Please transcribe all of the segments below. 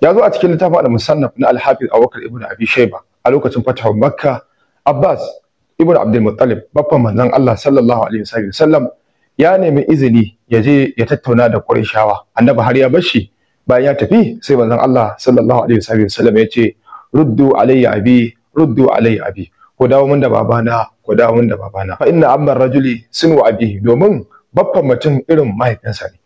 ya zo a cikin littafin al-musannaf na al-hafiz Abubakar ibn Abi Shayba a lokacin fatahun Makka Abbas ibn Abdul Muttalib babban manzon Allah sallallahu alaihi wasallam ya nemi izini ya je ya tattauna da Qurayshawa annabi har ya bashi bayan ya tafi sai manzon Allah sallallahu alaihi wasallam ya ce ruddu alayya abi ruddu alayya abi ku dawo min da babana ku dawo min da babana fa inna amma rajuli sunu abihi domin babban mutum irin mahaifinsa ne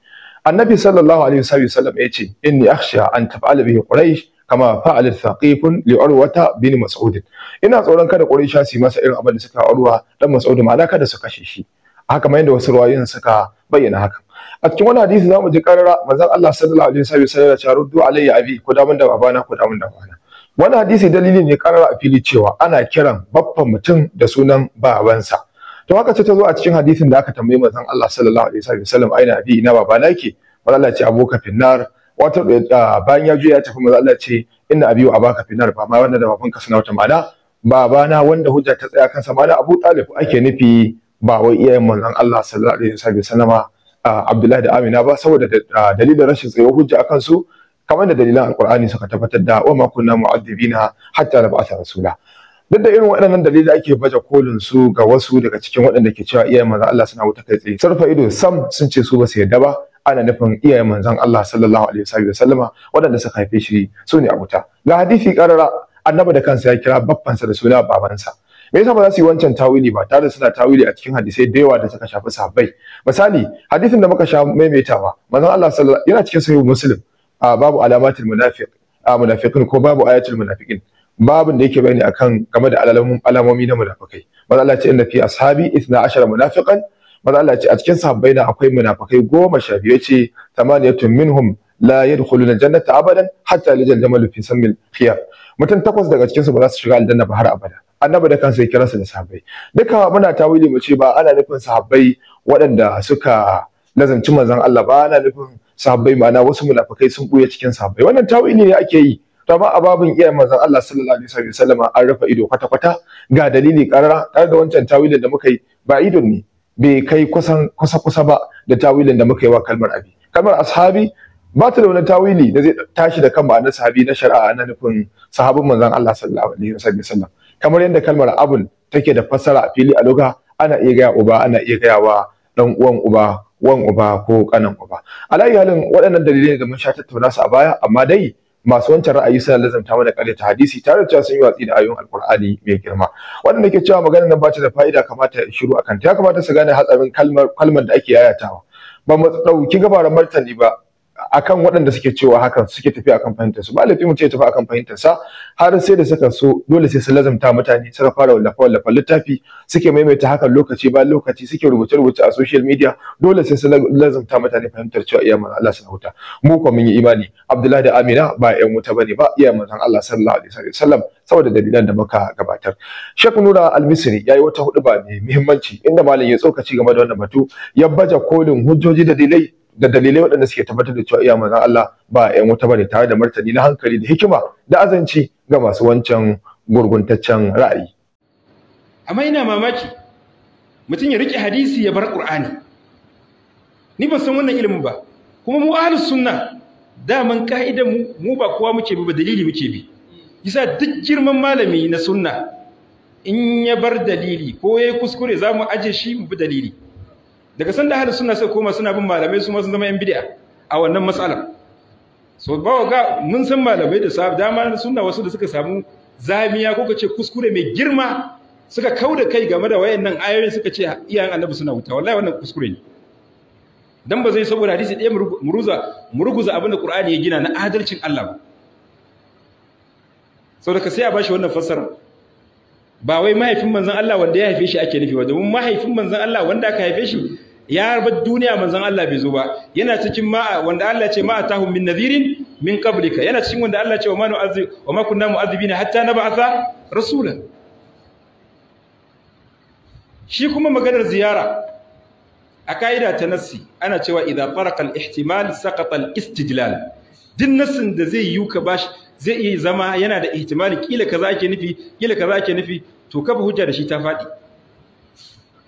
annabi sallallahu alaihi wasallam ya ce inni akhsha an taf'ala bihi quraish kama fa'al thaqifun li urwata bin mas'ud ina tsoron kada quraisha su yi masa irin abin da suka urwa dan mas'ud ma'ana kada su kashe shi haka mai da wasu ruwayoyin suka bayyana haka a cikin wani hadisi zamu ji karara manzon Allah sallallahu alaihi wasallam ya ce ruddu alayya abi ku damun da babana ku damun da babana wani hadisi dalili ne karara a fili cewa ana kiran baffan mutum da sunan babansa to haka ce ta zo a cikin hadisin da aka tambayi manzon Allah sallallahu alaihi wasallam aina abi ina baba nake manzon Allah ce aboka finnar wata eh, bayan ya juya ya tafi manzon Allah ce inna abi wa abaka finnar ba ma wanda da babanka suna wata ma'ana babana wanda hujja ta tsaya kansa ma'ana Abu Talib ake nufi ba wai iyayen manzon Allah sallallahu alaihi wasallama Abdullahi da Amina ba saboda dalilin rashin tsayuwar hujja akan su kamar da dalilan alkur'ani suka tabbatar da wa ma kunna mu'addibina hatta nab'atha rasula duk da irin waɗannan dalilai ake baje kolin su ga wasu daga cikin waɗanda ke cewa iyayen manzon Allah suna wuta kai tsaye sarfa ido sam sun ce su ba su yadda ba ana nufin iyayen manzon Allah sallallahu alaihi wa sallama waɗanda suka haife shi su ne a wuta ga hadisi karara Annaba da kansa ya kira baffansa da suna babansa me yasa ba za su yi wancan tawili ba tare suna tawili a cikin hadisai da yawa da suka shafi sahabbai misali hadisin da muka sha maimaitawa manzon Allah sallallahu yana cikin sahihu muslim ah, babu alamatul munafiq a ah, munafiqin ko babu ayatul munafiqin babin da yake bayani akan game da alamomi na munafikai maza Allah ce inna fi ashabi 12 munafiqan maza Allah ce a cikin sahabbai na akwai munafikai goma sha biyu yace tamaniyatun minhum la yadkhuluna jannata abadan hatta lijal jamal fi samil khiyar mutum takwas daga cikin su ba za su shiga aljanna ba har abada annabi da kansa ya kira su da sahabbai duka muna tawili mu ce ba ana nufin sahabbai waɗanda suka nazanci manzon Allah ba ana nufin sahabbai ma'ana wasu munafikai sun buya cikin sahabbai wannan tawili ne ake yi to ababin a babin iyayen manzon Allah sallallahu alaihi wasallam an rufe ido kwata kwata ga dalili karara tare da wancan tawilin da muka yi ba idon ne bai kai kusan kusa kusa ba da tawilin da muka yi wa kalmar abi kalmar ashabi ba ta da wani tawili da zai tashi da kan ma'anar sahabi na shari'a na nufin sahabin manzon Allah sallallahu alaihi wasallam kamar yadda kalmar abun take da fassara a fili a lugha ana iya gaya uba ana iya gaya wa dan uwan uba wan uba ko kanan uba alayyi halin waɗannan dalilai da mun sha tattauna su a baya amma dai masu wancan ra'ayi suna lazanta mana karya ta hadisi tare da cewa sun yi watsi da ayoyin alkur'ani mai girma wanda ke cewa maganar nan ba ta da fa'ida kamata ya shiru akan ta ya kamata su gane hatsarin kalmar da ake yayatawa ba mu ɗauki gabaran martani ba akan waɗanda suke cewa hakan suke tafi akan fahimtar su ba laifi mu ce tafi akan fahimtar sa har sai da suka so dole sai su lazimta mutane suka fara wallafa wallafa littafi suke maimaita hakan lokaci ba lokaci suke rubuce rubuce a social media dole sai su lazimta mutane fahimtar cewa iya manzon Allah sallallahu alaihi wasallam mu ko mun yi imani Abdullahi da Amina ba ƴan wuta bane ba iya manzon Allah sallallahu alaihi wasallam saboda dalilan da muka gabatar Sheikh Nura Al-Misri yayi wata hudu ba mai muhimmanci inda malam ya tsokaci game da wannan batu ya baje kolin hujjoji da dalilai da dalilai waɗanda suke tabbatar da cewa iya manzan Allah ba ƴan wuta bane tare da martani na hankali da hikima da azanci ga masu wancan gurguntaccen ra'ayi amma ina mamaki mutum ya riƙe hadisi ya bar qur'ani ni ban san wannan ilimin ba kuma mu ahlus sunna daman ka'idan mu mu ba kowa muke bi ba dalili muke bi yasa duk girman malami na sunna in ya bar dalili ko yayi kuskure zamu aje shi mu bi dalili daga sanda ahlus sunna sai koma suna bin malamai su ma sun zama yan bid'a a wannan matsalar so ba ga mun san malamai da a dama sunna wasu da suka samu zamiya ko ce kuskure mai girma suka kauda kai game da wayannan ayoyin suka ce iyayen annabi suna wuta wallahi wannan kuskure ne dan ba zai saboda hadisi ɗaya muruza muruguza abin da Qur'ani ya gina na adalcin Allah ba saboda ka sai a bashi wannan fassara ba wai mahaifin manzon Allah wanda ya haife shi ake nufi ba domin mahaifin manzon Allah wanda aka haife shi ya bar duniya manzon Allah bai zo ba yana cikin ma wanda Allah ce ma atahum min nadhirin min qablika yana cikin wanda Allah ce wa ma nu'azzib wa ma kunna mu'azzibina hatta nab'atha rasulan shi kuma maganar ziyara a ka'ida ta nassi ana cewa idza faraqa al-ihtimal saqata al-istidlal din nassin da zai yi ka bashi zai iya zama yana da ihtimali kila kaza ake nufi kila kaza ake nufi to kafa hujja da shi ta faɗi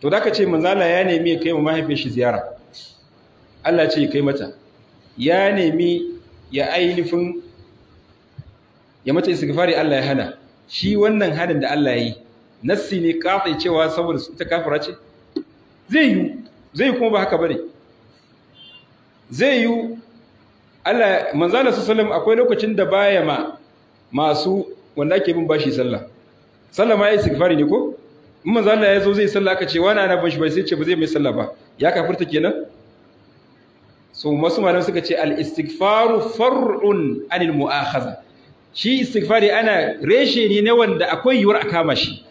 to da ka ce manzala ya nemi ya kai wa mahaifin shi ziyara Allah ce ya kai mata ya nemi ya ainihin ya mata istighfari Allah ya hana shi wannan hadin da Allah ya yi nassi ne katse cewa saboda ta kafara ce zai yi zai kuma ba haka bane zai yi Allah manzala sallam akwai lokacin da baya ma masu wanda ake bin bashi sallah sallah ma yayi istighfari ne ko in manzala ya zo zai sallah aka ce wani ana bashi shi bai sai ce ba zai mai sallah ba ya kafirta kenan so masu malam suka ce al istighfaru far'un anil mu'akhaza shi istighfari ana reshe ne na wanda akwai yiwuwar a kama shi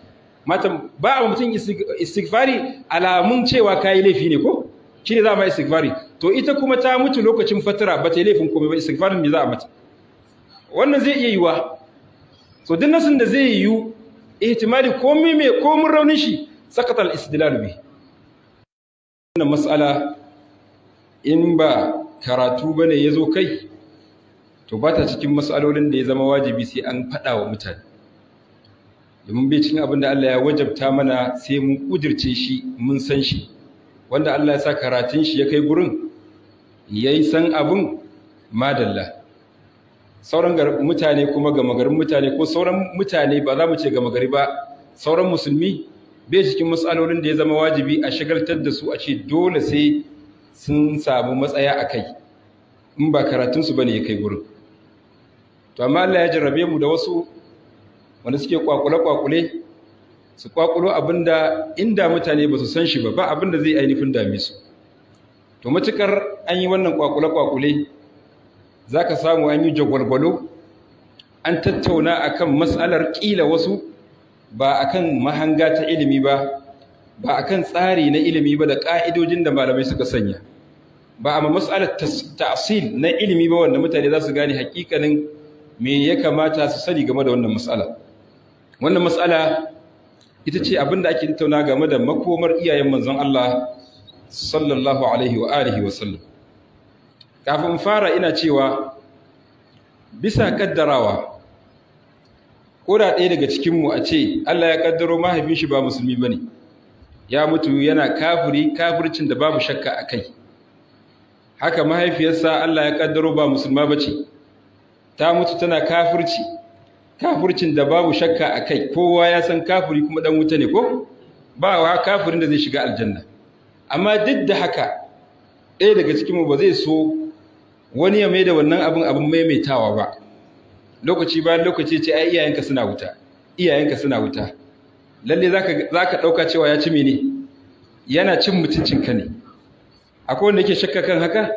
matan ba a mutum istighfari alamun cewa kayi laifi ne ko shi ne za ma istighfari to ita kuma ta mutu lokacin fatara ba ta yi laifin komai ba istighfarin me za a mata wannan zai iya yiwa so duk nasin da zai yiwu ihtimali komai mai komun raunin shi tsakatar al istidlal bi wannan mas'ala in ba karatu ya zo kai to ba ta cikin matsalolin da ya zama wajibi sai an faɗa wa mutane domin bai cikin abin da Allah ya wajabta mana sai mun kudirce shi mun san shi wanda Allah ya sa karatun shi ya kai gurin yayi san abin madalla sauran mutane kuma gamagarin mutane ko sauran mutane ba za mu ce gama gari ba sauran musulmi bai cikin matsalolin da ya zama wajibi a shagaltar da su a ce dole sai sun samu matsaya a kai in ba karatunsu ba ne ya kai gurin to amma Allah ya jarrabe mu da wasu wanda suke kwakule-kwakule su kwakulo abinda inda mutane ba su san shi ba ba abinda zai ainihin dame su to matukar an yi wannan kwakule-kwakule za ka samu an yi jagwalgwalo an tattauna akan matsalar ƙila wasu ba akan mahanga ta ilimi ba ba kan tsari na ilimi ba da ƙa'idojin da malamai suka sanya ba amma matsalar ta'asil na ilimi ba wanda mutane za su gane hakikanin me ya kamata su sani game da wannan matsala wannan matsala ita ce abin da ake tattauna game da makomar iyayen manzon Allah sallallahu alaihi wa alihi wa sallam kafin fara ina cewa bisa kaddarawa ko da ɗaya daga cikinmu a ce Allah ya kaddaro mahaifin shi ba musulmi ba ya mutu yana kafiri kafircin da babu shakka a kai haka mahaifiyarsa Allah ya kaddaro ba musulma ba ce ta mutu tana kafirci kafircin da babu shakka a kai kowa ya san kafiri kuma ɗan wuta ne ko ba wa kafirin da zai shiga aljanna amma duk da haka ɗaya daga cikinmu ba zai so wani ya maida wannan abin abin maimaitawa ba lokaci bayan lokaci ce ai iyayenka suna wuta iyayenka suna wuta lalle za ka ɗauka cewa ya ci mene yana cin mutuncinka ne akwai wanda yake shakka kan haka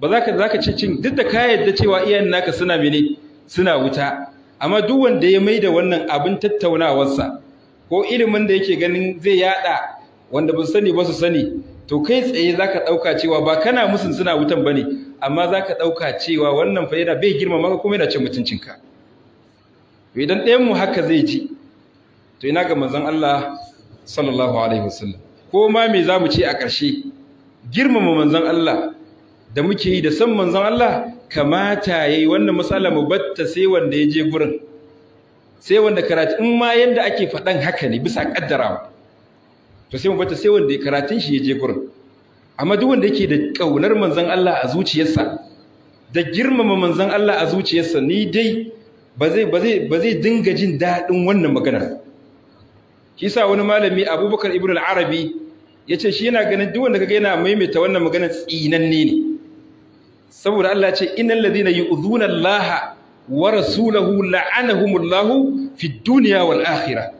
ba zaka zaka ci cin duk da ka yadda cewa iyayen naka suna mene suna wuta amma duk wanda ya maida wannan abin tattaunawarsa ko ilimin da yake ganin zai yada wanda ba su sani ba su sani to kai tsaye za ka ɗauka cewa ba kana musun suna wutan ba ne amma za ka ɗauka cewa wannan fa yana bai girmama maka kuma yana cin mutuncinka idan ɗayan mu haka zai ji to ina ga manzon Allah sallallahu alaihi wasallam ko ma me za mu ce a ƙarshe girmama manzon Allah da muke yi da san manzon Allah kamata yayi wannan misala mu batta sai wanda ya je gurin sai wanda karatu in ma yanda ake faɗan haka ne bisa ƙaddarawa to sai mu bata sai wanda karatun shi ya je gurin amma duk wanda yake da kaunar manzon Allah a zuciyarsa da girmama manzon Allah a zuciyarsa ni dai ba zai ba zai ba zai dinga jin daɗin wannan magana shi yasa wani malami Abubakar Ibn al-Arabi yace shi yana ganin duk wanda kaga yana maimaita wannan magana tsinanne ne saboda Allah ya ce innal ladina yu'dhuna Allah wa rasulahu la'anahumullahu fid dunya wal akhirah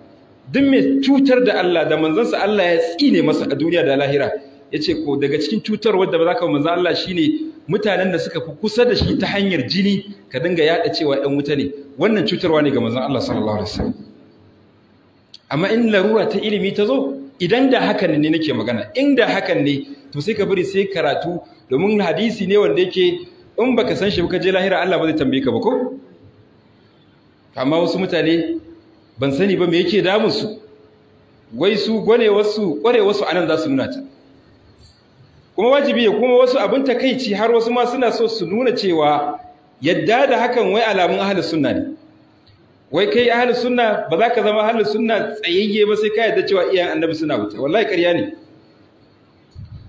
duk mai cutar da Allah da manzansa Allah ya tsine masa a duniya da lahira ya ce ko daga cikin cutar wadda ba za ka manzan Allah shi ne, mutanen da suka fi kusa da shi ta hanyar jini ka dinga yaɗa cewa ɗan wuta ne wannan cutarwa ne ga manzan Allah sallallahu alaihi amma in larura ta ilimi ta zo idan da hakan ne nake magana in da hakan ne to sai ka bari sai karatu domin hadisi ne wanda yake in baka san shi ba ka je lahira Allah ba zai tambaye ka ba ko amma wasu mutane ban sani ba me yake damun su wai su gane wasu kware wasu anan za su nuna ta kuma wajibi kuma wasu abin takeici har wasu ma suna so su nuna cewa yadda da hakan wai alamun ahlus sunna ne wai kai ahlus sunna ba za ka zama ahlus sunna tsayayye ba sai ka yadda cewa iyayen annabi suna wuta wallahi ƙarya ne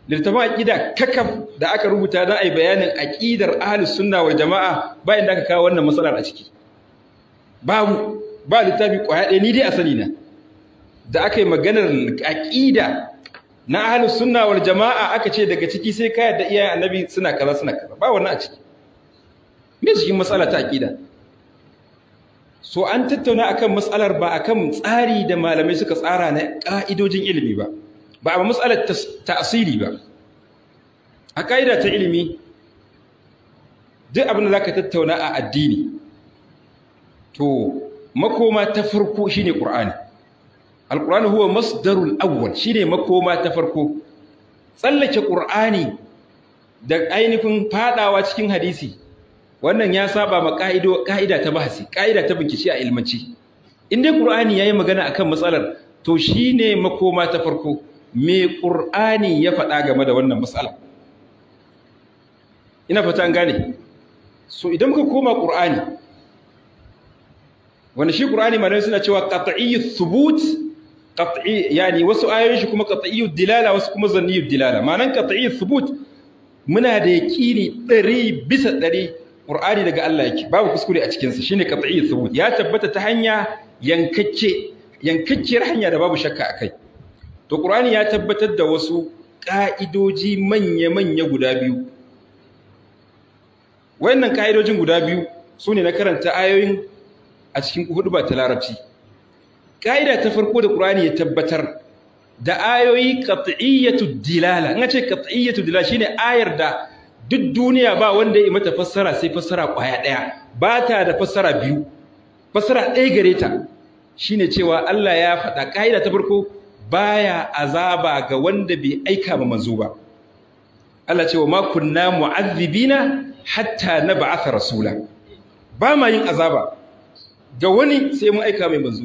littafin aqida kakaf da aka rubuta don a bayanin aƙidar ahlus sunna wal jama'a bayan da aka kawo wannan matsalar a ciki babu ba littafi kwaya ɗaya ni dai a sani na da aka yi maganar aƙida na ahlus sunna wal jama'a aka ce daga ciki sai ka yadda iyayen annabi suna kaza suna kaza ba wannan a ciki me cikin matsala ta aƙida so an tattauna akan matsalar ba akan tsari da malamai suka tsara na ƙa'idojin ilimi ba ba a matsalar ta'asiri ba a ƙa'ida ta ilimi duk abin da za ka tattauna a addini to makoma ta farko shine qur'ani alqur'ani huwa masdarul awwal shine makoma ta farko tsallake qur'ani da ainihin fadawa cikin hadisi wannan ya saba ma ka'ido ka'ida ta bahasi ƙa'ida ta bincike a ilmanci in dai ya yi magana akan matsalar to shine makoma ta farko me qur'ani ya faɗa game da wannan matsala ina fata an gane so idan muka koma qur'ani wanda shi qur'ani malai suna cewa qat'iyyu thubut qat'i yani wasu ayoyin shi kuma qat'iyyu dilala wasu kuma zanniyyu dilala ma'anan qat'iyyu thubut muna da yaqini 100 bisa 100 qur'ani daga Allah yake babu kuskure a cikin sa shine qat'iyyu thubut ya tabbata ta hanya yankacce yankacciyar hanya da babu shakka akai to qur'ani ya tabbatar da wasu ka'idoji manya-manya guda biyu wayannan ka'idojin guda biyu sune na karanta ayoyin a cikin hudu ba ta larabci ƙa'ida ta farko da ƙur'ani ya tabbatar da ayoyi qat'iyatu dilala in ce qat'iyatu dilala shine ayar da duk duniya ba wanda ya mata fassara sai fassara kwaya daya ba ta da fassara biyu fassara ɗaya gare ta shine cewa Allah ya faɗa ƙa'ida ta farko baya azaba ga wanda bai aika ba manzo ba Allah cewa ma kunna mu'adhibina hatta nab'atha rasula ba ma yin azaba ga wani sai mun aika mai manzo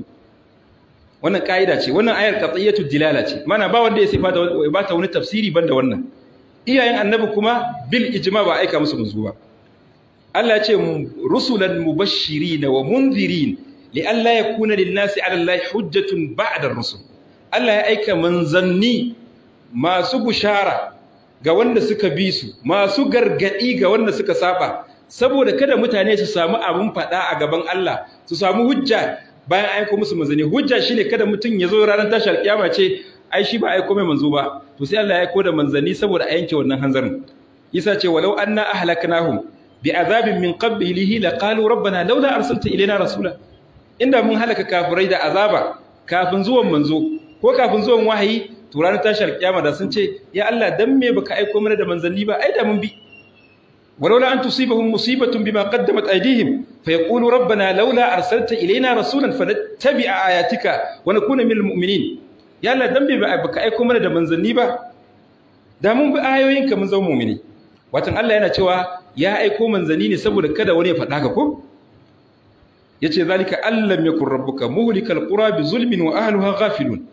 wannan kaida ce wannan ayar qat'iyatu dilala ce mana ba wanda ya sifa da ba ta wani tafsiri banda wannan iyayen annabi kuma bil ijma ba aika musu manzo ba Allah ya ce rusulan mubashirin wa munzirin li alla yakuna lin nasi ala Allah hujjatun ba'da rusul Allah ya aika manzanni masu bushara ga wanda suka bi su masu gargadi ga wanda suka saba saboda kada mutane su samu abin faɗa a gaban Allah su samu hujja bayan aiko musu manzanni hujja shine kada mutum ya zo ranar tashar kyama ce ai shi ba aiko mai manzo ba to sai Allah ya aiko da manzani saboda a yanke wannan hanzarin isa ce walau anna ahlaknahum bi azabin min qablihi laqalu rabbana laula arsalta ilaina rasula inda mun halaka kafirai da azaba kafin zuwan manzo ko kafin zuwan wahayi to ranar tashar kiyama da sun ce ya Allah dan me baka aiko mana da manzanni ba ai da mun bi ولولا أن تصيبهم مصيبة بما قدمت أيديهم فيقول ربنا لولا أرسلت إلينا رسولا فنتبع آياتك ونكون من المؤمنين يا الله دمبي بك أيكم من دمن زنيبة دامون بآيوين كمن زو مؤمني واتن الله ينا توا يا أيكم من زنيني سبو لكذا وني فتناككم يتي ذلك ألم يكن ربك مهلك القرى بظلم وأهلها غافلون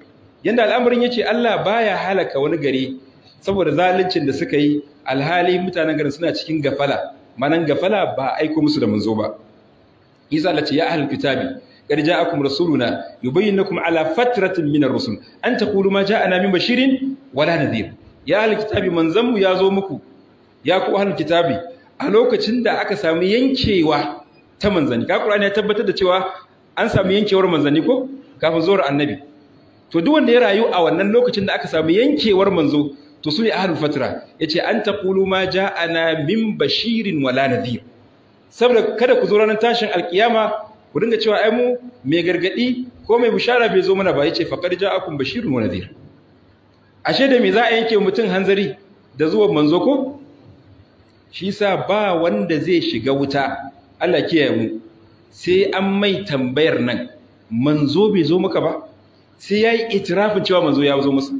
يند الأمر يتي الله بايا حالك ونقري saboda zaluncin da suka yi alhali mutanen garin suna cikin gafala manan gafala ba aiko musu da manzo ba isa lati ce ya ahlul kitabi qad ja'akum rasuluna yubayyinu ala fatratin minar rusul an taqulu ma ja'ana min bashirin wala nadhir ya ahlul kitabi manzon mu ya zo muku ya ku ahlul kitabi a lokacin da aka samu yankewa ta manzani. ka qur'ani ya tabbatar da cewa an samu yankewar manzani ko kafin zuwar annabi to duk wanda ya rayu a wannan lokacin da aka samu yankewar manzo to su ne ahlul fatra yace an taqulu ma ja'ana min bashirin wala nadhir saboda kada ku zo ranar tashin alkiyama ku dinga cewa ai mu mai gargadi ko mai bushara bai zo mana ba yace faqad ja'akum bashirun wa nadhir ashe da me za a yanke mutum hanzari da zuwa manzo ko shi sa ba wanda zai shiga wuta Allah kiyaye mu sai an mai tambayar nan manzo bai zo maka ba sai yayi itirafin cewa manzo ya zo masa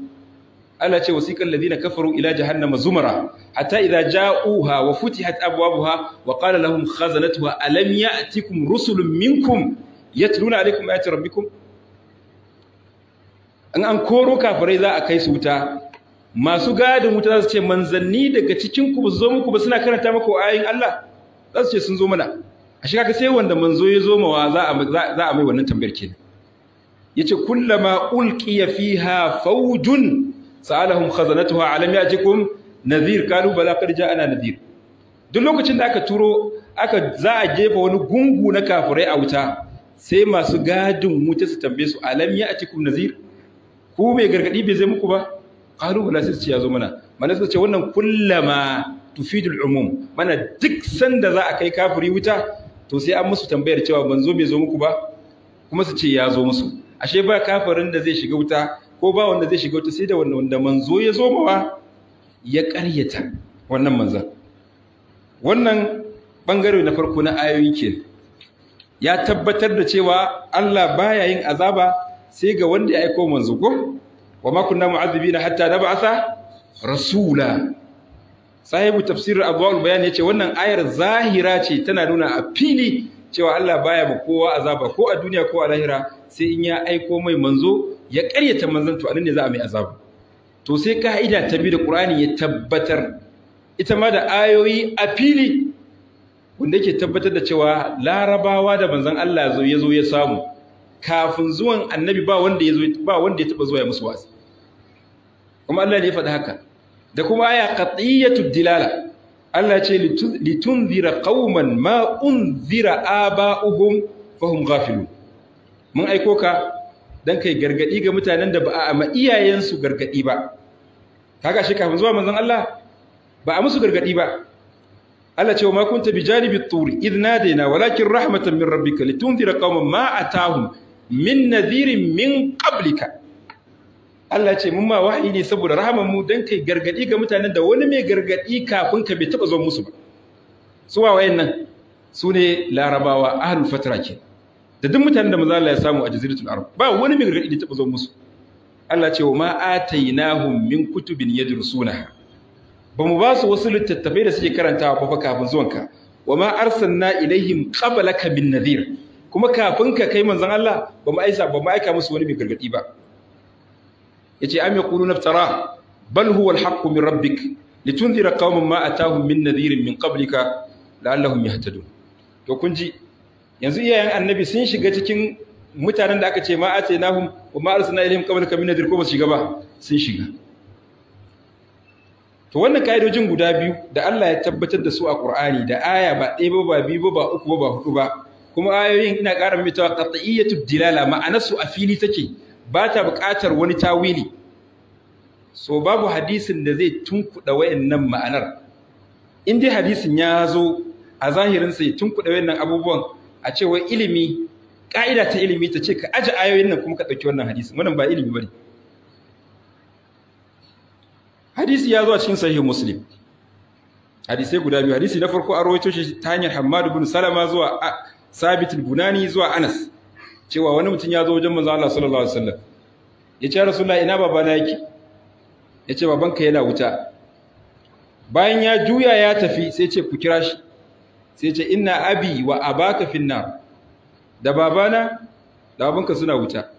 Allah ce wasiqal ladina kafaru ila jahannama zumara hatta idza ja'uha wa futihat abwabuha wa qala lahum khazanatuha alam ya'tikum rusulun minkum yatluna alaykum ayati rabbikum in an koro kafirai za a kai su wuta masu gadin wuta za su ce manzanni daga cikin ku zo muku ba suna karanta muku ayoyin Allah za su ce sun zo mana a shi kaga sai wanda manzo ya zo mawa za a za a mai wannan tambayar kenan yace kullama ulqiya fiha fawjun sa'alahum khazanatuha alam ya'tikum nadhir qalu bala qad ja'ana nadhir duk lokacin da aka turo aka za a jefa wani gungu na kafirai a wuta sai masu gadin wuta su tambaye su alam ya'tikum nadhir ku mai gargadi bai zai muku ba qalu bala sai ce zo mana mana su ce wannan kullama tufidul umum mana duk sanda za a kai kafiri wuta to sai an musu tambayar cewa ban zo bai zo muku ba kuma su ce ya zo musu ashe ba kafirin da zai shiga wuta ko ba wanda zai shiga wata sai da wanda manzo ya zo mawa ya ƙaryata wannan manzan wannan ɓangare na farko na ayoyi ke ya tabbatar da cewa Allah baya yin azaba sai ga wanda ya aiko manzo ko wa ma kunna na hatta nab'atha rasula sahibu tafsir Abuwaul bayan yace wannan ayar zahira ce tana nuna a fili cewa Allah baya ba kowa azaba ko a duniya ko a lahira sai in ya aiko mai manzo ya ƙaryata manzon to anan ne za a mai azabu to sai ka'ida ta bi da Qur'ani ya tabbatar ita ma da ayoyi a fili wanda yake tabbatar da cewa larabawa da manzon Allah ya zo ya samu kafin zuwan annabi ba wanda ya zo ba wanda ya taba zuwa ya musu wasi kuma Allah ne ya faɗi haka da kuma aya qat'iyatu dilala Allah ce litunzira qauman ma unzira aba'uhum fahum ghafilun mun aiko ka don kai gargaɗi ga mutanen da ba a ma iyayensu gargaɗi ba kaga shi kafin zuwa manzon Allah ba a musu gargaɗi ba Allah ce wa ma kunta bi janibi turi idh nadaina walakin rahmatan min rabbika litunzira qauman ma atahum min nadhirin min qablika Allah ce mun ma wahayi ne saboda rahaman mu dan kai gargaɗi ga mutanen da wani mai gargaɗi kafin ka bai taba zuwa musu ba su wa wayannan su ne larabawa ahlul fatra kenan da duk mutanen da manzo Allah ya samu a jaziratul arab ba wani mai gargadi da taba zo musu Allah ce wa ma atainahum min kutubin yadrusunaha ba mu ba su wasu littattafai da suke karanta ba fa kafin zuwanka wa ma arsalna ilaihim qablaka min nadhir kuma kafin ka kai manzon Allah ba mu aisa ba mu aika musu wani mai gargadi ba yace am yaquluna iftara bal huwa alhaqqu min rabbik litunzira qauman ma atahum min nadhir min qablika la'allahum yahtadun to kun ji yanzu iyayen annabi sun shiga cikin mutanen da aka ce ma ace nahum wa ma arsana ilaihim qablaka min nadir ko ba su shiga ba sun shiga to wannan kaidojin guda biyu da Allah ya tabbatar da su a Qur'ani da aya ba ɗaya ba ba biyu ba uku ba hudu ba kuma ayoyin ina ƙara mai tawa qat'iyyatu dilala ma'anar su a fili take ba ta buƙatar wani tawili so babu hadisin da zai tunkuɗa wayannan ma'anar in dai hadisin ya zo a zahirin sai tunkuɗa wayannan abubuwan a ce wai ilimi ƙa'ida ta ilimi ta ce ka aje ayoyin nan kuma ka ɗauki wannan hadisi wannan ba ilimi ba ne. hadisi ya zo a cikin sahih muslim hadisai guda biyu hadisi na farko a rawaito shi ta hanyar Hammad ibn Salama zuwa a al-Bunani zuwa Anas cewa wani mutum ya zo wajen manzo Allah sallallahu alaihi wasallam ya ce Rasulullah ina babana yake ya ce babanka yana wuta bayan ya juya ya tafi sai ce ku kira shi sai ce inna abi wa abaka finna da babana da abinka suna wuta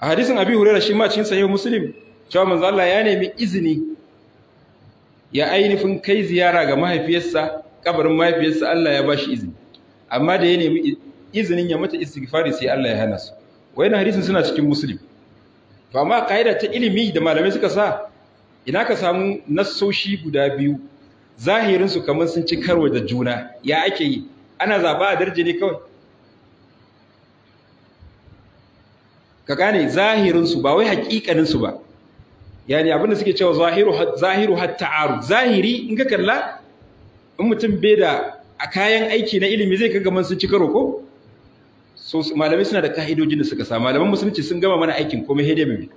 a hadisin abi hurera shi ma cikin sahih muslim cewa manzo Allah ya nemi izini ya ainihin kai ziyara ga mahaifiyarsa kabarin mahaifiyarsa Allah ya bashi izini amma da ya nemi izinin ya mata istighfari sai Allah ya hana su wayannan hadisin suna cikin muslim to amma kaida ta ilimi da malamai suka sa ina ka samu nasoshi guda biyu zahirinsu kamar sun ci karo da juna ya ake yi ana zaɓa a darje ne kawai ka gane zahirinsu ba wai haƙiƙaninsu ba yani abinda suke cewa zahiru zahiru ta'aru. zahiri in ka kalla in mutum bai da a kayan aiki na ilimi zai kaga man sun ci karo ko so malamai suna da ka'idojin da suka sa malaman musulunci sun gama mana aikin komai hede mai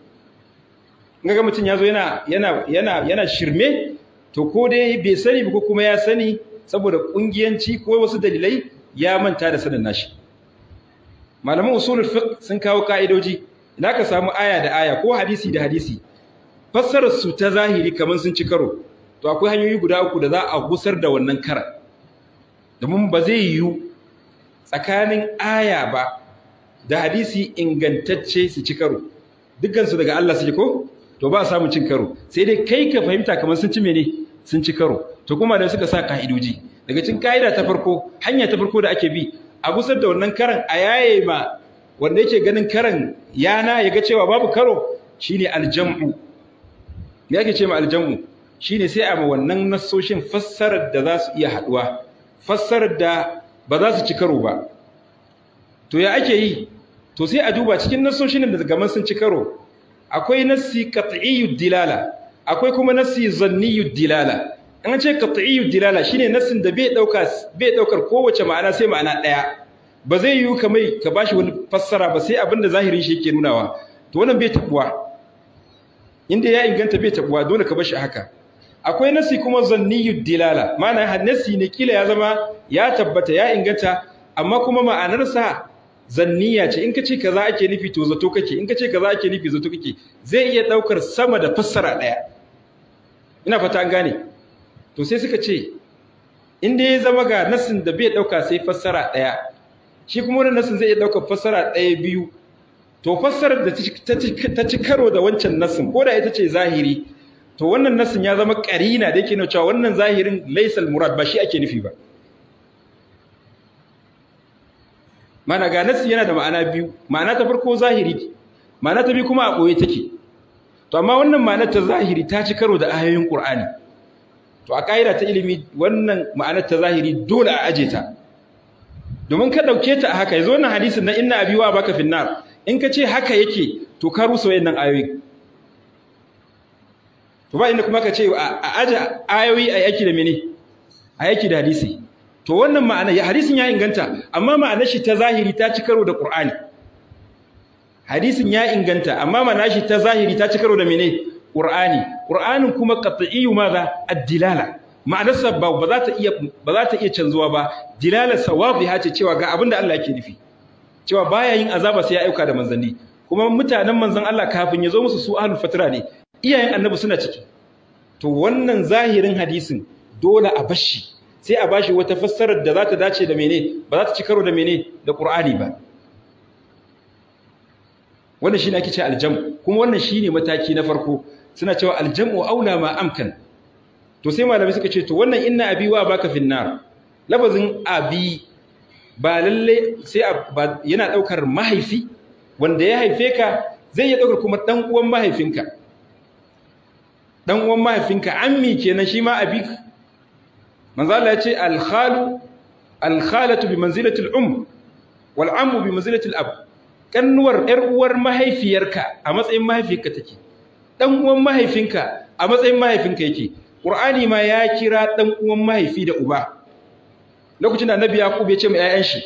in ga mutum ya zo yana yana yana shirme to ko dai bai sani ba ko kuma ya sani saboda kungiyanci ko wasu dalilai ya manta da sanin nashi malaman usulul fiqh sun kawo ka'idoji ina ka samu aya da aya ko hadisi da hadisi fassarar su ta zahiri kaman sun ci karo to akwai hanyoyi guda uku da za a gusar da wannan kara domin ba zai yiwu tsakanin aya ba da hadisi ingantacce su ci karo dukkansu daga Allah suke ko to ba samu cin karo sai dai kai ka fahimta kamar sun ci mene sun ci karo to kuma da suka sa ka'idoji daga cikin ka'ida ta farko hanya ta farko da ake bi a gusar da wannan karan a yaye ma wanda yake ganin karan yana ya ga cewa babu karo shine aljam'u me yake ce ma aljam'u shine sai a ma wannan nasoshin fassarar da za su iya haduwa fassarar da ba za su ci karo ba to ya ake yi to sai a duba cikin nasoshin da gaman sun ci karo akwai nasi qat'iyyud dilala akwai kuma nasi zanniyud dilala an ce qat'iyud dilala shine nasin da bai dauka bai daukar kowace ma'ana sai ma'ana daya ba zai yiwu ka mai ka bashi wani fassara ba sai abinda zahirin shi yake nunawa to wannan bai tabuwa inda ya inganta bai tabuwa dole ka bashi haka akwai nasi kuma zanniyud dilala ma'ana nasi ne kila ya zama ya tabbata ya inganta amma kuma ma'anar ma'anarsa zanniya ce in ka ce kaza ake nufi to zato kake in ka ce kaza ake nufi zato kake zai iya daukar sama da fassara daya ina fata an gane to sai suka ce in dai ya zama ga nasin da bai ɗauka sai fassara ɗaya shi kuma wani nasin zai iya ɗaukar fassara ɗaya biyu to fassarar da ta ci karo da wancan nasin ko da ita ce zahiri to wannan nasin ya zama ƙarina da yake nuna cewa wannan zahirin laisal murad ba shi ake nufi ba mana ga nasi yana da ma'ana biyu ma'ana ta farko zahiri ma'ana ta biyu kuma a koye take to amma wannan ma'anar ta zahiri ta ci karo da ayoyin Qur'ani to a kaida ta ilimi wannan ma'anar ta zahiri dole a aje ta domin ka dauke ta a haka yazo wannan hadisin na inna abi wa baka finnar in ka ce haka yake to ka rusa wayannan ayoyi to ba inda kuma ka ce a aje ayoyi a yaki da mene a yaki da hadisi to wannan ma'ana ya hadisin ya inganta amma ma'anar shi ta zahiri ta ci karo da Qur'ani hadisin ya inganta amma mana shi ta zahiri ta ci karo da mene Qur'ani Qur'anin kuma qat'iyyu maza ad-dilala ma'ana sabba ba za ta iya ba za ta iya canzuwa ba dilala ha ce cewa ga abin da Allah yake nufi cewa baya yin azaba sai ya aika da manzanni kuma mutanen manzon Allah kafin ya zo musu su ahlul fatra ne iyayen annabi suna ciki to wannan zahirin hadisin dole a bashi sai a bashi wata fassarar da za ta dace da mene ba za ta ci karo da mene da Qur'ani ba wannan shine ake cewa aljamu, kuma wannan shine mataki na farko suna cewa aljamu aula ma amkan to sai malamai suka ce to wannan inna abi wa baka finnar lafazin abi ba lalle sai yana daukar mahaifi wanda ya haife ka zai ya daukar kuma dan uwan mahaifinka dan uwan mahaifinka ammi kenan shi ma abi manzo Allah ya ce al khalu al khalatu bi manzilati al um wal ammu bi manzilati al ab kannuwar ƴar uwar mahaifiyarka a matsayin mahaifinka take dan uwan mahaifinka a matsayin mahaifinka yake qur'ani ma ya kira dan uwan mahaifi da uba lokacin da annabi yaqub ya ce ma ƴaƴan shi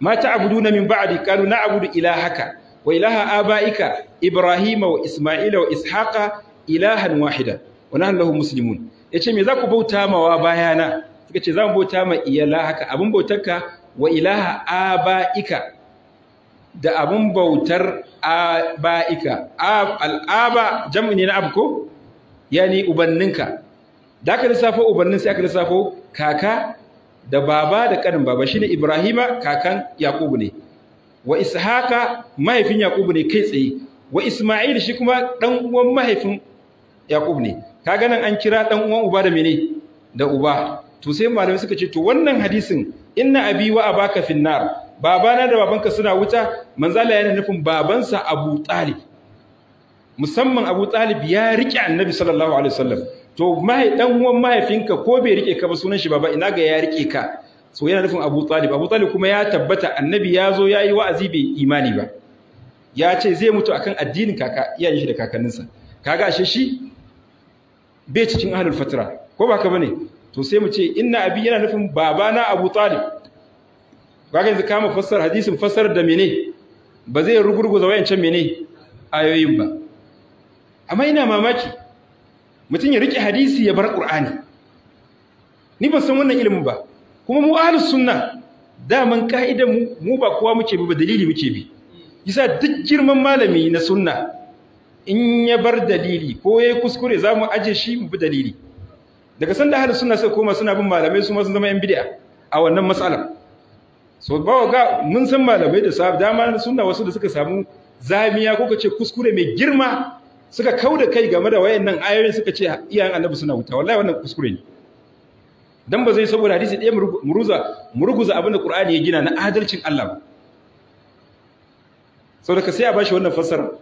ma ta'buduna min ba'di qalu na'budu ilahaka wa ilaha abaika ibrahima wa isma'ila wa ishaqa ilahan wahida wa nahnu lahu muslimun yace me za ku bauta wa bayana suka ce za bauta ma ilaha haka abin bautarka wa ilaha abaika da abin bautar aba'ika al'aba jam'i ne na abu ko yani ubanninka da aka lissafo ubannin sai aka lissafo kaka da baba da kanin baba shine ibrahima kakan yaqubu ne wa ishaqa mahaifin yaqubu ne kai tsaye wa isma'il shi kuma dan uwan mahaifin yaqub ne kaga nan an kira dan uwan uba da mene da uba to sai malamai suka ce to wannan hadisin inna abi wa abaka finnar babana da babanka suna wuta manzala yana nufin babansa Abu Talib musamman Abu Talib ya rike Annabi sallallahu alaihi wasallam to mai dan uwan mahaifinka ko bai rike ka ba sunan shi baba ina ga ya rike ka so yana nufin Abu Talib Abu Talib kuma ya tabbata Annabi ya zo ya yi wa'azi bai imani ba ya ce zai mutu akan addinin kaka iyayen shi da kakanninsa kaga ashe shi bai cikin ahlul fatra ko ba ka bane to sai mu ce inna abi yana nufin babana Abu Talib kaga yanzu kama fassar hadisin fassar da mene ba zai rugurguza wayancan mene ayoyin ba amma ina mamaki mutum ya rike hadisi ya bar qur'ani ni ba san wannan ilimin ba kuma mu ahli sunna daman ka'idan mu mu ba kowa muke bi ba dalili muke bi yasa duk girman malami na sunna in ya bar dalili ko yayi kuskure zamu aje shi mu bi dalili daga sanda ahli sunna sai koma suna bin malamai su ma sun zama yan bid'a a wannan matsalar so ba ga mun san malamai da sahabi dama sunna wasu da suka samu zamiya ko kace kuskure mai girma suka da kai game da wayannan ayoyin suka ce iyayen annabi suna wuta wallahi wannan kuskure ne dan ba zai saboda hadisi ɗaya muruza muruguza abin da Qur'ani ya gina na adalcin Allah ba da ka sai a bashi wannan fassara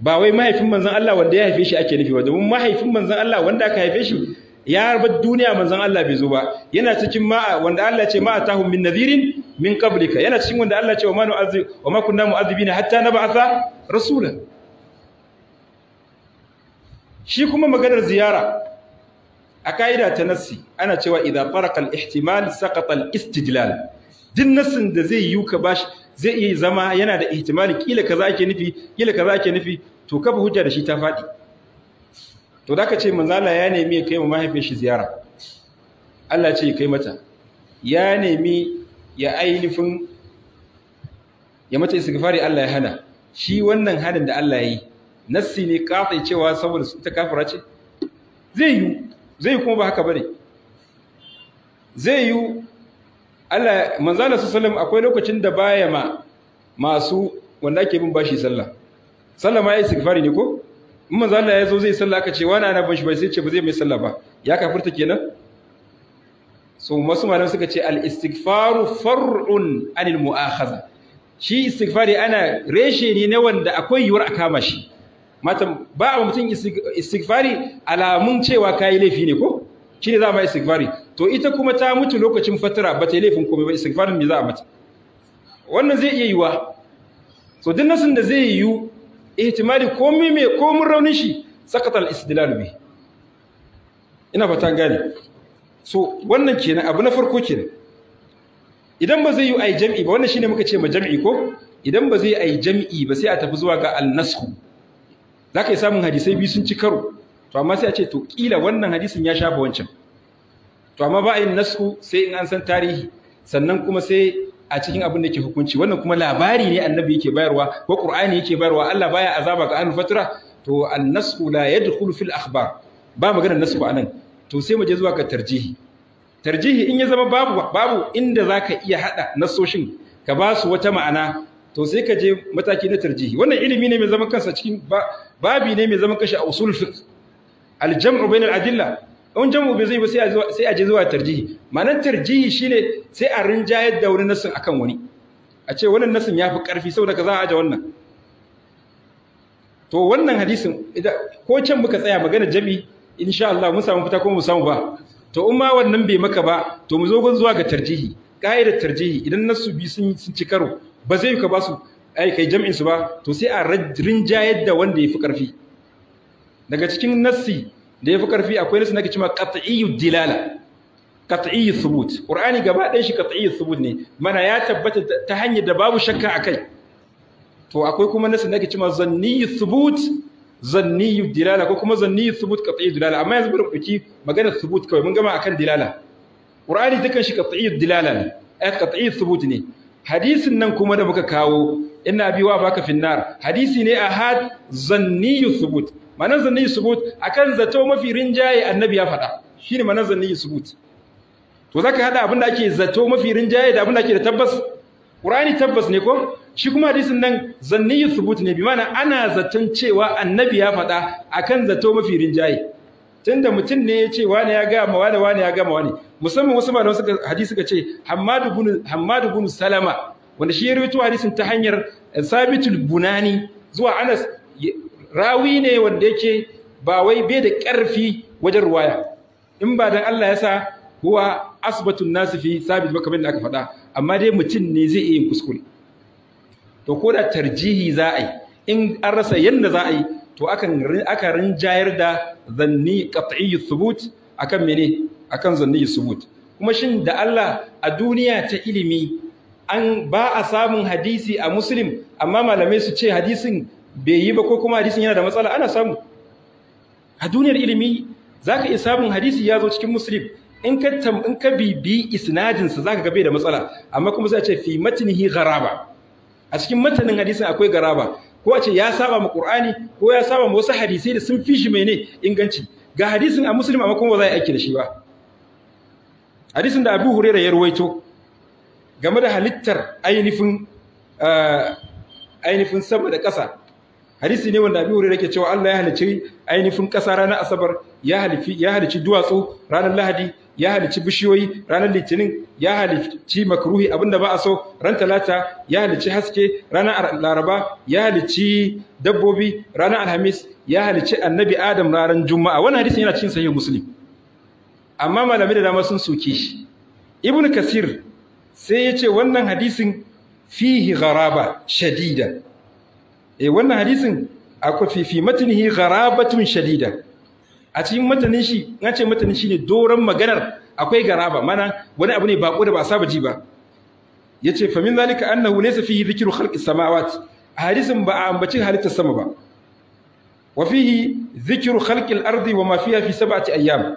ba wai mahaifin manzon Allah wanda ya haife shi ake nufi ba domin mahaifin manzon Allah wanda aka haife shi ya bar duniya manzon Allah bai zo ba yana cikin ma wanda Allah ce ma atahum min nadhirin min qablika yana cikin wanda Allah ce wa ma nu'azzib wa ma kunna mu'azzibina hatta nab'atha rasulan shi kuma maganar ziyara a ka'ida ta nassi ana cewa idza faraqa al-ihtimal saqata al-istidlal din nassin da zai yi ka bashi zai iya zama yana da ihtimali kila kaza ake nufi kila kaza ake nufi to kafa hujja da shi ta fadi to da ka ce manzala ya nemi ya kai mahaifin shi ziyara Allah ce ya kai mata ya nemi ya ainihin ya mata istighfari Allah ya hana shi wannan hadin da Allah ya yi nassi ne katsai cewa saboda sun ta kafara ce zai yi zai kuma ba haka bane zai yi Allah manzala sallam akwai lokacin da baya ma masu wanda ake bin bashi sallah sallah ma ya istighfari ne ko in manzo Allah ya zo zai sallah aka ce wani ana shi bai sai ce ba zai mai sallah ba ya kafirta kenan so masu malam suka ce al-istighfaru far'un anil mu'akhadha shi istighfari ana reshe ne na wanda akwai yiwuwar a kama shi mata ba a mutum istighfari alamun cewa kayi laifi ne ko shi ne za a ma istighfari to ita kuma ta mutu lokacin fatara ba ta yi laifin komai ba istighfarin me za a mata wannan zai iya yiwa so duk nasin da zai yiwu ihtimali komai mai mun rauni shi sakatal istidlal bi ina fatan gane so wannan kenan abu na farko kenan idan ba zai yi ai jami'i ba wannan shine muka ce ma jami'i ko idan ba zai ai jami'i ba sai a tafi zuwa ga al-nasxu zaka yi samun hadisai biyu sun ci karo to amma sai a ce to kila wannan hadisin ya shafa wancan to amma ba a yin nasku sai in an san tarihi sannan kuma sai a cikin abin da ke hukunci wannan kuma labari ne annabi yake bayarwa ko qur'ani yake bayarwa Allah baya azaba ga ahlul fatra to an-nasu la yadkhulu fil akhbar ba magana nasu anan to sai mu je zuwa ga tarjihi tarjihi in ya zama babu babu inda zaka iya hada nasoshin ka ba su wata ma'ana to sai ka je mataki na tarjihi wannan ilimi ne mai zaman kansa cikin babi ne mai zaman kashi a usul fiqh al-jam'u bain al-adilla in jam'u bai zai ba sai a je zuwa tarjihi ma'anar tarjihi shine sai a rinjayar da wani nasin akan wani a ce wannan nasin ya fi ƙarfi saboda ka za a aje wannan to wannan hadisin ko can muka tsaya magana jami insha Allah mun samu fita ko mu samu ba to in ma wannan bai maka ba to mu zo gun zuwa ga tarjihi ka'idar tarjihi idan nasu bi sun ci karo ba zai ka ba su ai kai jam'in su ba to sai a rinjayar da wanda ya fi ƙarfi daga cikin nasi. da yafi karfi akwai nasu nake cewa qat'iyyu dilala qat'iyyu thubut qur'ani gaba ɗayan shi qat'iyyu thubut ne mana ya tabbata ta hanyar da babu shakka a kai. to akwai kuma nasu nake cewa zanniyyu thubut zanniyyu dilala ko kuma zanniyyu thubut qat'iyyu dilala amma yanzu bari mu dauki maganar thubut kawai mun gama akan dilala qur'ani dukan shi qat'iyyu dilala ne ay qat'iyyu thubut ne hadisin nan kuma da muka kawo ina biwa baka finnar hadisi ne ahad zanniyyu thubut manan zanni subut akan zato mafi rinjaye annabi ya faɗa shine manan zanni subut to zaka hada abinda ake zato mafi rinjaye da abinda ake da tabbas qur'ani tabbas ne ko shi kuma hadisin nan zanni subut ne bi mana ana zaton cewa annabi ya faɗa akan zato mafi rinjaye tunda mutum ne ya ce wani ya ga wani wani ya ga wani musamman wasu malamai suka hadisi suka ce hamadu bin hamadu bin Salama wanda shi ya rubuta hadisin ta hanyar Sabitul Bunani zuwa Anas rawi ne wanda yake ba wai bai da ƙarfi wajen ruwaya in ba dan Allah ya sa huwa asbatun nasu fi sabit ba kamar da aka faɗa amma dai mutum ne zai iya yin kuskure to ko da tarjihi za a yi in an rasa yadda za a yi to akan aka rinjayar da zanni qat'iyyu thubut akan mene akan zanni thubut kuma shin da Allah a duniya ta ilimi an ba a samun hadisi a muslim amma malamai su ce hadisin bai yi ba ko kuma hadisin yana da matsala ana samu a duniyar ilimi za ka iya samun hadisi ya zo cikin muslim in ka in bibi isnadinsa za ka gabe da matsala amma kuma sai a ce fi matnihi gharaba a cikin matanin hadisin akwai garaba ko a ce ya saba ma qur'ani ko ya saba ma wasu hadisai da sun fi shi ne inganci ga hadisin a muslim amma kuma ba za a yi aiki da shi ba hadisin da abu Huraira ya ruwaito game da halittar ainihin eh, ainihin sama da ƙasa hadisi ne wanda Abi Hurairah yake cewa Allah ya halici ainihin kasa ranar Asabar ya halifi ya halici duwatsu ranar Lahadi ya halici bishiyoyi ranar Litinin ya halici makruhi abinda ba a so ran Talata ya halici haske ranar Laraba ya halici dabbobi ranar Alhamis ya halici Annabi Adam ranar Juma'a wannan hadisin yana cikin sahih Muslim amma malamai da dama sun soke shi Ibn Kasir sai ya ce wannan hadisin fihi gharaba shadida eh wannan hadisin akwai fi matanihi gharabatun shadida a cikin matanin shi na ce matanin shi ne doron maganar akwai garaba mana wani abu ne bako da ba saba ji ba yace fa min zalika annahu laysa fihi dhikru khalqis samawati hadisin ba a ambaci halittar sama ba wa fihi dhikru khalqil ardi wa ma fiha fi sab'ati ayyam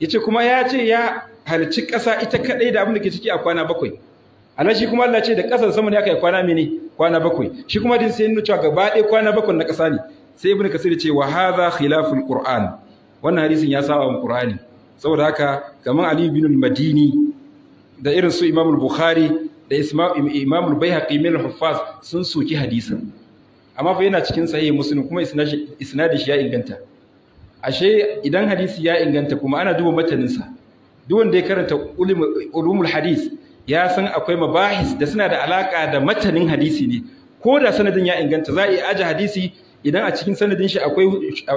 yace kuma ya ce ya halicci ƙasa ita kadai da abin da ke ciki a kwana bakwai anan shi kuma Allah ce da kasar sama ne aka yi kwana mini kwana bakwai shi kuma din sai nuna cewa gaba ɗaya kwana bakwai na ƙasa ne sai ibnu kasir ce wa hadha khilaful qur'an wannan hadisin ya saba wa qur'ani saboda haka kaman ali bin madini da irin su Imamul bukhari da Imamul bayhaqi min al-huffaz sun soki hadisin amma fa yana cikin sahihi muslim kuma isnadi shi ya inganta ashe idan hadisi ya inganta kuma ana duba mataninsa duk wanda ya karanta ulumul hadis ya san akwai mabahis da suna da alaka da matanin hadisi ne ko da sanadin ya inganta za a iya aje hadisi idan a cikin sanadin shi akwai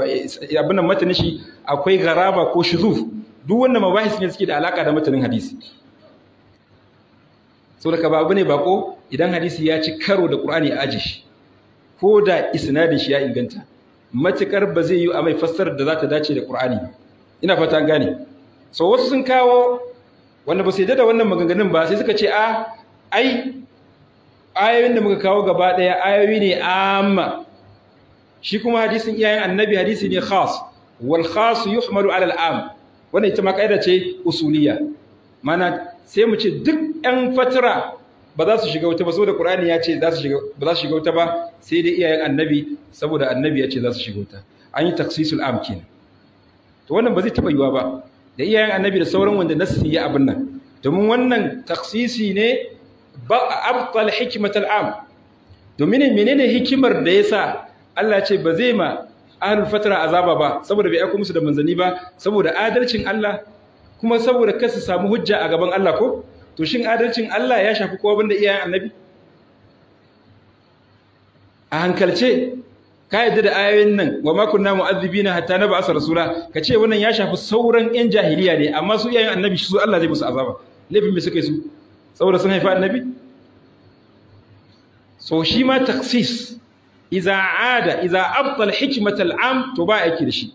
eh, abin nan matanin shi akwai garaba ko shuzuf duk wannan mabahis ne suke da alaka da matanin hadisi saboda ba abu ne bako idan hadisi ya ci karo da qur'ani ya aje shi ko da isnadin shi ya inganta matukar ba zai yi a mai fassarar da za ta dace da qur'ani ina fata gane so wasu sun kawo wanda ba su yadda da wannan maganganun ba sai suka ce a ah, ai ayoyin da muka kawo gaba ɗaya ayoyi ne amma shi kuma hadisin iyayen annabi hadisi ne khas wal khas yuhmalu ala al am wannan ita ma kaida ce usuliya mana sai mu ce duk ɗan fatira ba za su shiga wuta ba saboda Qur'ani ya ce za su shiga ba za su shiga wuta ba sai dai iyayen annabi saboda annabi ya ce za su shiga wuta an yi taksisul am to wannan ba zai taba yiwa ba da iyayen annabi da sauran wanda na ya abin nan domin wannan taksisi ne ba abtal hikimata al'am domin menene hikimar da yasa Allah ce ba zai ma ahlul fatra azaba ba saboda bai aiko musu da manzani ba saboda adalcin Allah kuma saboda kasu samu hujja a gaban Allah ko to shin adalcin Allah ya shafi kowa banda iyayen annabi a hankalce ka yadda da ayoyin nan wa ma kunna mu'adhibina hatta nab'asa rasula ka ce wannan ya shafi sauran yan jahiliya ne amma su iyayen annabi su Allah zai musu azaba laifin me suka yi su saboda sun haifa annabi so shi ma taksis iza ada iza abtal hikmat Am to ba yake da shi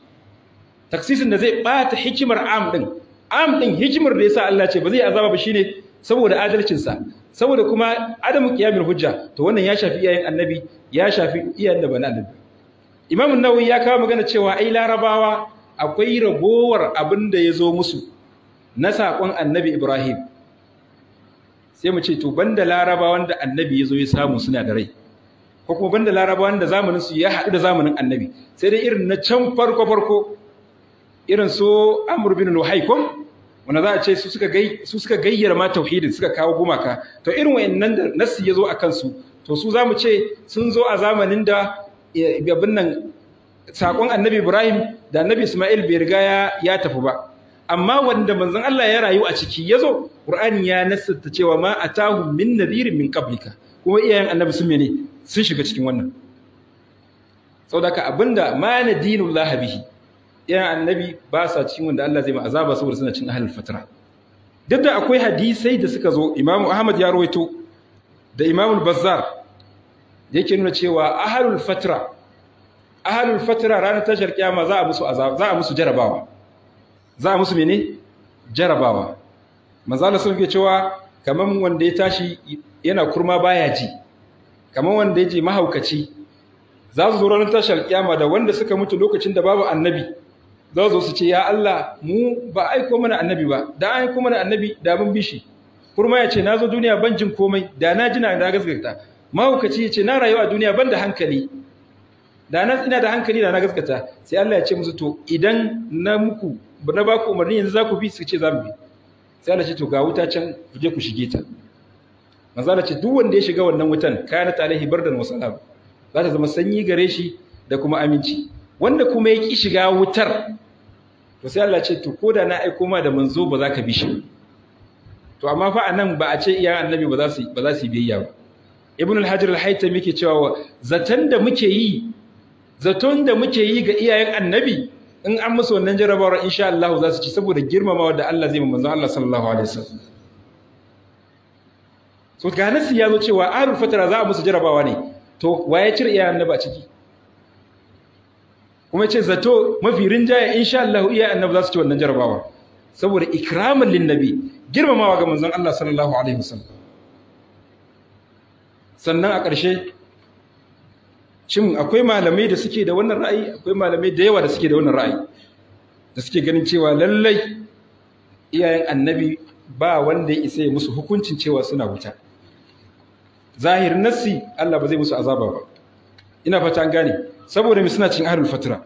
taksisin da zai bata hikimar am din am din hikimar da yasa Allah ce ba zai azaba ba shine saboda adalcinsa saboda kuma adamu qiyamul hujja to wannan ya shafi iyayen annabi ya shafi iyayen da ban annabi Imam Nawawi ya kawo magana cewa ai Larabawa akwai ragowar abin da ya zo musu na saƙon Annabi Ibrahim. Sai mu ce to banda Larabawan da Annabi ya zo ya samu suna da rai. Ko kuma banda Larabawan da zamanin su ya haɗu da zamanin Annabi. Sai dai irin na can farko farko irin su Amr bin Luhaykum wanda za a ce su suka gai su suka gayyar ma tauhidin suka kawo gumaka to irin wayannan da nasu ya zo akan su to su zamu ce sun zo a zamanin da gabin nan sakon annabi Ibrahim da annabi Ismail bai riga ya tafi ba amma wanda manzon Allah ya rayu a ciki ya zo, Qur'ani ya nassata cewa ma atahu min nadhirin min qablika kuma iyayen annabi sun mene sun shiga cikin wannan saboda ka abinda ma nadinullah bihi iyayen annabi ba sa cikin wanda Allah zai ma azaba saboda suna cin ahlul fatra duk da akwai hadisai da suka zo Imam Ahmad ya rawaito da Imam Bazzar yake nuna cewa ahalul fatra ahalul fatra ranar tashar kiyama za a musu za a musu jarabawa za a musu mene jarabawa manzo sun ke cewa kaman wanda ya tashi yana kurma baya ji kaman wanda yaje mahaukaci za su zo ranar tashar kiyama da wanda suka mutu lokacin da babu annabi za su su ce ya Allah mu ba aiko mana annabi ba da aiko mana annabi da mun bishi kurma ya ce na zo duniya ban jin komai da na jina na da gaskata mahaukaci ya ce na rayuwa a duniya ban da hankali da na ina da hankali da na gaskata sai Allah ya ce musu to idan na muku na ba ku umarni yanzu za ku bi su ce za mu bi sai Allah ya ce to ga wuta can ku je ku shige ta manzo Allah ce duk wanda ya shiga wannan wutan kana ta alaihi bardan wa salam za ta zama sanyi gare shi da kuma aminci wanda kuma ya ki shiga wutar to sai Allah ya ce to koda na aiko ma da manzo ba za ka bi shi to amma fa anan ba a ce iyayen annabi ba za su ba za su biyayya ba ibn al-hajar al-haytami yake cewa zaton da muke yi zaton da muke yi ga iyayen annabi in an musu wannan jarabawar insha Allah za su ci saboda girmamawa da Allah zai manzo Allah sallallahu alaihi wasallam so ga nasi ya zo cewa arul fatara za a musu jarabawa ne to waye cire iyayen annabi a ciki kuma ce zato mafi rinjaye insha Allah iyayen annabi za su ci wannan jarabawa saboda ikramin linnabi girmamawa ga manzon Allah sallallahu alaihi wasallam sannan a ƙarshe cin akwai malamai da suke da wannan ra'ayi akwai malamai da yawa da suke da wannan ra'ayi da suke ganin cewa lallai iyayen annabi ba wanda ya isa ya musu hukuncin cewa suna wuta zahir nassi Allah ba zai musu azaba ba ina fata an gane saboda mi suna cin ahlul fatra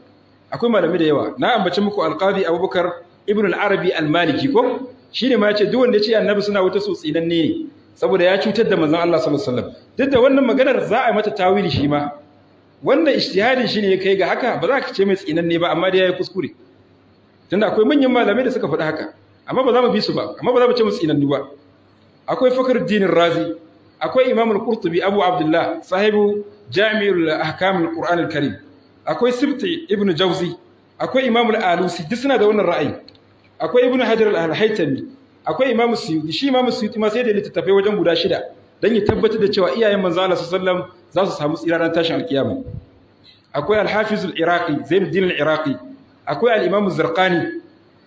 akwai malamai da yawa na ambaci muku alqadi abubakar ibn al-arabi al-maliki ko Shi shine ma yace duk wanda ce annabi suna wuta su tsinanne ne saboda ya cutar da manzon Allah sallallahu alaihi wasallam duk da wannan maganar za a yi mata tawili shi ma wannan ijtihadin shi ne ya kai ga haka ba za ka ce mai tsinanne ba amma dai yayi kuskure tunda akwai manyan malamai da suka faɗi haka amma ba za mu bi su ba amma ba za mu ce mu tsinannu ba akwai Fakhruddin Razi akwai Imam al-Qurtubi Abu Abdullah sahibu Jami'ul Ahkam al-Qur'an al-Karim akwai Sibti Ibn Jawzi akwai Imam al-Alusi duk suna da wannan ra'ayi akwai Ibn Hajar al-Haytami akwai imamu suyuti shi imamu suyuti ma sai da littattafai wajen guda shida dan ya tabbatar da cewa iyayen manzo Allah sallam za su samu tsiraran tashin alkiyama akwai al-hafiz al-iraqi zainuddin al-iraqi akwai al-imamu zarqani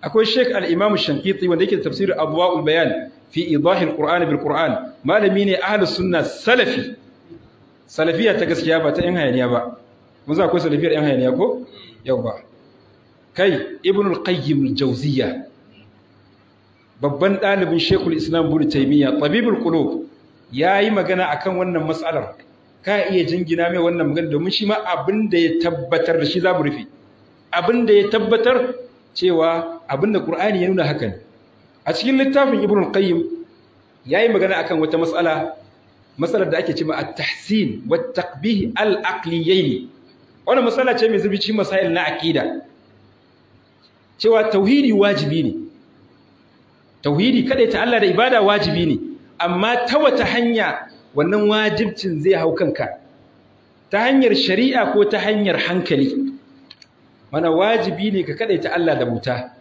akwai sheik al-imamu shankiti wanda yake tafsir abwaul bayan fi idah al-qur'an bil qur'an malami ne ahlus sunna salafi salafiya ta gaskiya ba ta yan hayaniya ba mun akwai salafiyar yan hayaniya ko yawa kai ibn al-qayyim al-jawziyya babban ɗalibin shekul islam Bude taimiyya tabibul kulub ya yi magana akan wannan matsalar ka iya jingina mai wannan magana domin shi ma abin da ya tabbatar da shi za mu rufe abin da ya tabbatar cewa abin da ya nuna haka ne a cikin littafin ibn qayyim ya yi magana akan wata matsala matsalar da ake cewa at-tahsin wa taqbih al-aqliyayn wannan matsala ce mai zubi cikin masail na aqida cewa tauhidi wajibi ne tauhidi kada ta Allah da ibada wajibi ne amma ta wata hanya wannan wajibcin zai hau kanka ta hanyar shari'a ko ta hanyar hankali mana wajibi ne ka kada ta Allah da buta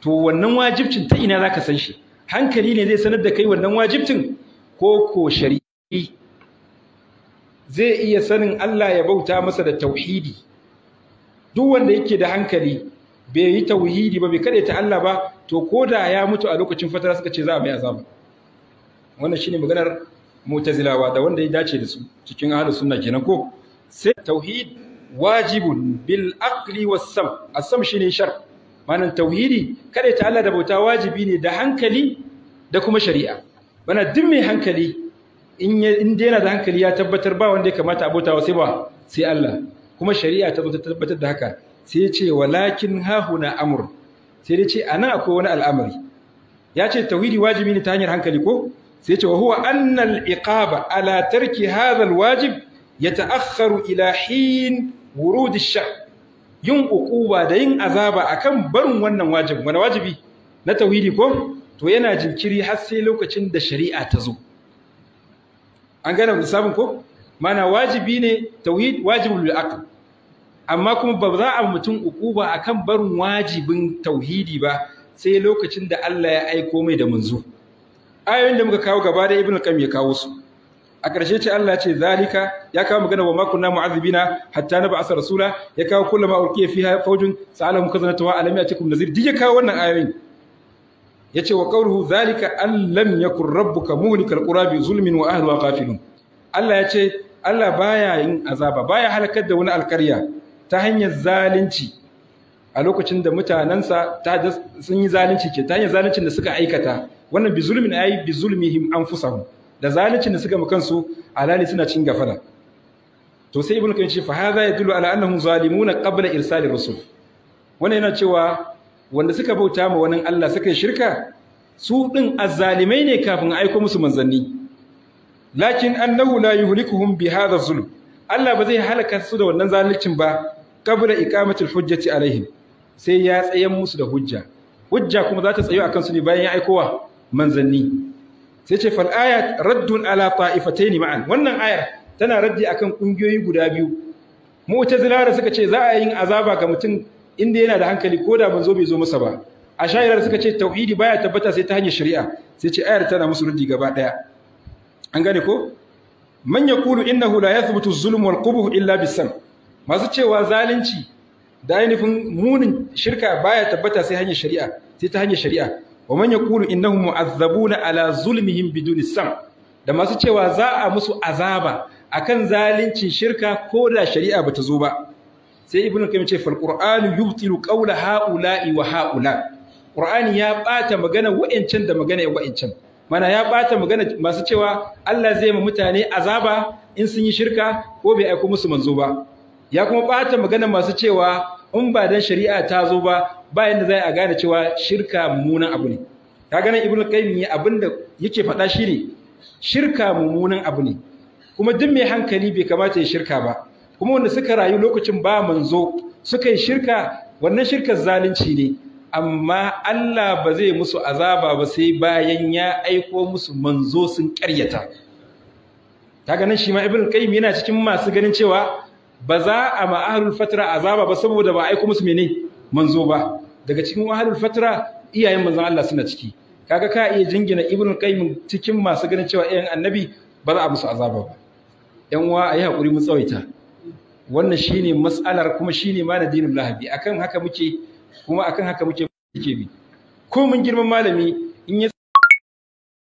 to wannan wajibcin ta ina zaka san shi hankali ne zai sanar da kai wannan wajibcin ko ko shari'i zai iya sanin Allah ya bauta masa da tauhidi duk wanda yake da hankali bai yi tauhidi ba bai kaɗai ta Allah ba to koda ya mutu a lokacin fatara suka ce za a mai azaba wannan shine maganar mutazilawa da wanda ya dace da su cikin ahlus sunna kenan ko sai tauhid wajibun bil aqli was sam as-sam shine shar manan tauhidi kaɗai ta Allah da bauta wajibi ne da hankali da kuma shari'a bana duk mai hankali in yana da hankali ya tabbatar ba wanda ya kamata a bautawa sai ba sai Allah kuma shari'a ta tabbatar da haka sai ya ce walakin hahuna amur sai ya ce anan akwai wani al'amari ya ce tauhidi wajibi ne ta hanyar hankali ko sai ya ce wa huwa annal iqaba ala tarki hadha alwajib yata'akhkharu ila hin wurud ash yin uquba da yin azaba akan barin wannan wajibi wani wajibi na tauhidi ko to yana jinkiri har sai lokacin da shari'a ta zo an gane lissafin ko mana wajibi ne tauhid wajibul aql amma kuma ba za a mutum a kan barin wajibin tauhidi ba sai lokacin da Allah ya aiko mai da munzu ayoyin da muka kawo gaba da ibn al-qayyim ya kawo su a ƙarshe ce Allah ce zalika ya kawo magana wa makunna mu'azzibina hatta na ba'asa rasula ya kawo kullama ulqiya fiha fawjun sa'ala mukazanatu wa alam yatikum nazir duk kawo wannan ayoyin yace wa qawluhu zalika an lam yakun rabbuka muhlikal qura bi zulmin wa ahliha ghafilun Allah yace Allah baya yin azaba baya halakar da wani alƙarya ta hanyar zalunci a lokacin da mutanensa sun yi zalunci ke ta hanyar zalunci da suka aikata wannan bi zulmin ayi bi zulmihim anfusahum da zalunci da suka mu kansu alali suna cin gafara to sai ibnu kayyim ce fa hadha yadullu ala na zalimuna qabla da rusul wannan yana cewa wanda suka bauta ma wani Allah suka yi shirka su din azzalimai ne kafin aiko musu manzanni lakin annahu la yuhlikuhum bi hadha zulm Allah ba zai halaka su da wannan zaluncin ba qabla iqamatil hujjati alaihim sai ya tsayan musu da hujja hujja kuma za ta tsayo akan su ne bayan ya aikowa manzanni sai ce fal ayat raddun ala ta'ifatayn ma'an wannan ayar tana raddi akan kungiyoyi guda biyu mu'tazila da suka ce za a yin azaba ga mutum inda yana da hankali ko da manzo bai zo masa ba ashairar suka ce tauhidi baya tabbata sai ta hanyar shari'a sai ce ayar tana musu raddi gaba daya an gane ko man yaqulu innahu la yathbutu az-zulm wal qubh illa bis-sam masu cewa zalunci da ainihin munin shirka baya tabbata sai hanyar shari'a sai ta hanyar shari'a wa man yaqulu innahum mu'azzabuna ala zulmihim biduni sam da masu cewa za a musu azaba akan zalincin shirka ko da shari'a bata zo ba sai ibnu kayyim ce fal qur'an yubtilu qawla haula'i wa haula qur'an ya bata magana wa'ancan da magana wa'ancan mana ya bata magana masu cewa Allah zai ma mutane azaba in sun yi shirka ko bai aiko musu manzo ba ya kuma ɓata magana masu cewa in ba dan shari'a ta zo ba ba yanda za a gane cewa shirka mummunan abu ne ka ganin ibnu qayyim abinda yake faɗa shine shirka mummunan abu ne kuma duk mai hankali bai kamata ya shirka ba kuma wanda suka rayu lokacin ba manzo suka yi shirka wannan shirkar zalunci ne amma Allah ba zai musu azaba ba sai bayan ya aiko musu manzo sun ƙaryata ta ganin shi ma ibn qayyim yana cikin masu ganin cewa ba za a ma fatra azaba ba saboda ba aiko musu mene manzo ba daga cikin wahalar fatra iyayen manzon Allah suna ciki kaga ka iya jingina ibnu qayyim cikin masu ganin cewa iyayen annabi ba za a musu azaba ba yan uwa ayi hakuri mu tsawaita wannan shine mas'alar kuma shine ma nadinul lahabi akan haka muke kuma akan haka muke bi ko mun girman malami in ya